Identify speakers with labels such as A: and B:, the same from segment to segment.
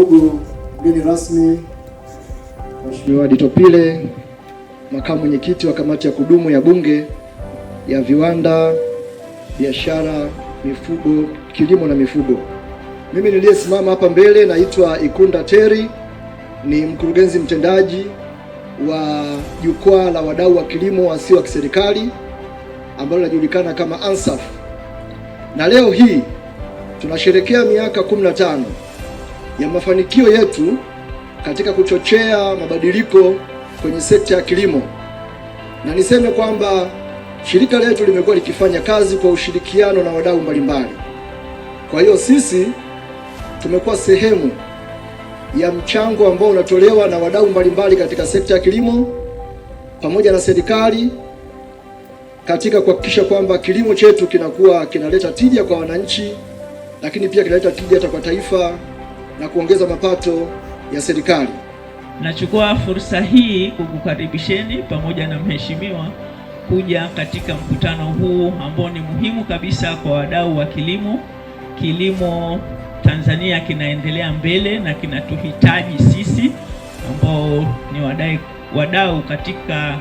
A: Ndugu mgeni rasmi, Mheshimiwa Dito Pile, makamu mwenyekiti wa kamati ya kudumu ya Bunge ya viwanda, biashara, mifugo, kilimo na mifugo. Mimi niliyesimama hapa mbele naitwa Ikunda Teri, ni mkurugenzi mtendaji wa jukwaa la wadau wa kilimo wasio wa kiserikali ambalo linajulikana kama ANSAF, na leo hii tunasherekea miaka 15 ya mafanikio yetu katika kuchochea mabadiliko kwenye sekta ya kilimo, na niseme kwamba shirika letu limekuwa likifanya kazi kwa ushirikiano na wadau mbalimbali. Kwa hiyo sisi tumekuwa sehemu ya mchango ambao unatolewa na wadau mbalimbali katika sekta ya kilimo pamoja na serikali katika kuhakikisha kwamba kilimo chetu kinakuwa kinaleta tija kwa wananchi, lakini pia kinaleta tija hata kwa taifa na kuongeza mapato ya serikali.
B: Nachukua fursa hii kukukaribisheni pamoja na mheshimiwa kuja katika mkutano huu ambao ni muhimu kabisa kwa wadau wa kilimo. Kilimo Tanzania kinaendelea mbele na kinatuhitaji sisi ambao ni wadai, wadau katika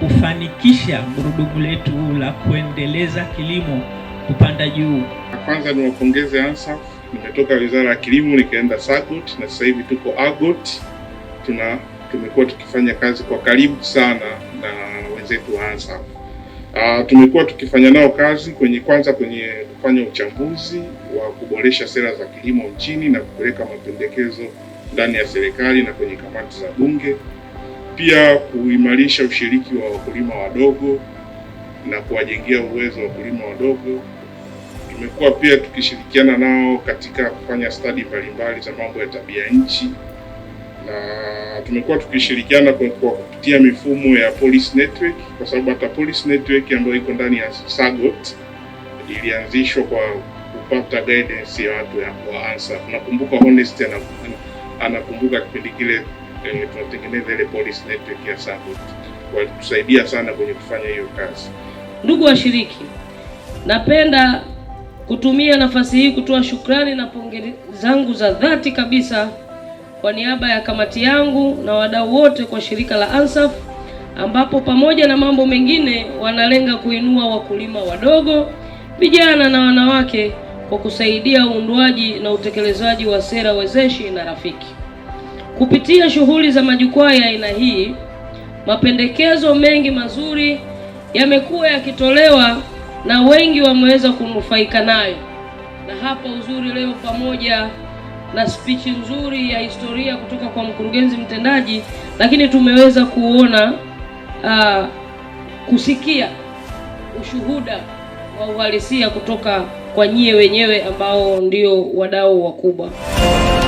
B: kufanikisha gurudumu letu la kuendeleza kilimo kupanda juu.
C: Kwanza niwapongeze ANSAF Nikatoka wizara ya kilimo nikaenda SAGOT na sasa hivi tuko AGOT. Tuna tumekuwa tukifanya kazi kwa karibu sana na wenzetu wa Uh, tumekuwa tukifanya nao kazi kwenye kwanza kwenye kufanya uchambuzi wa kuboresha sera za kilimo nchini na kupeleka mapendekezo ndani ya serikali na kwenye kamati za Bunge, pia kuimarisha ushiriki wa wakulima wadogo na kuwajengea uwezo wa wakulima wadogo Tumekuwa pia tukishirikiana nao katika kufanya stadi mbalimbali za mambo ya tabia nchi na tumekuwa tukishirikiana kwa, kupitia mifumo ya police network, kwa sababu hata police network ambayo iko ndani ya SAGOT ilianzishwa kwa kupata guidance ya watu kwa ANSA. Unakumbuka Honest anakumbuka kipindi kile eh, tunatengeneza ile police network ya SAGOT, walitusaidia sana kwenye kufanya hiyo kazi.
D: Ndugu washiriki, napenda kutumia nafasi hii kutoa shukrani na pongezi zangu za dhati kabisa kwa niaba ya kamati yangu na wadau wote kwa shirika la ANSAF ambapo pamoja na mambo mengine wanalenga kuinua wakulima wadogo, vijana na wanawake kwa kusaidia uundwaji na utekelezaji wa sera wezeshi na rafiki. Kupitia shughuli za majukwaa ya aina hii, mapendekezo mengi mazuri yamekuwa yakitolewa na wengi wameweza kunufaika nayo. Na hapa uzuri leo, pamoja na spichi nzuri ya historia kutoka kwa mkurugenzi mtendaji, lakini tumeweza kuona uh, kusikia ushuhuda wa uhalisia kutoka kwa nyie wenyewe ambao ndio wadau wakubwa.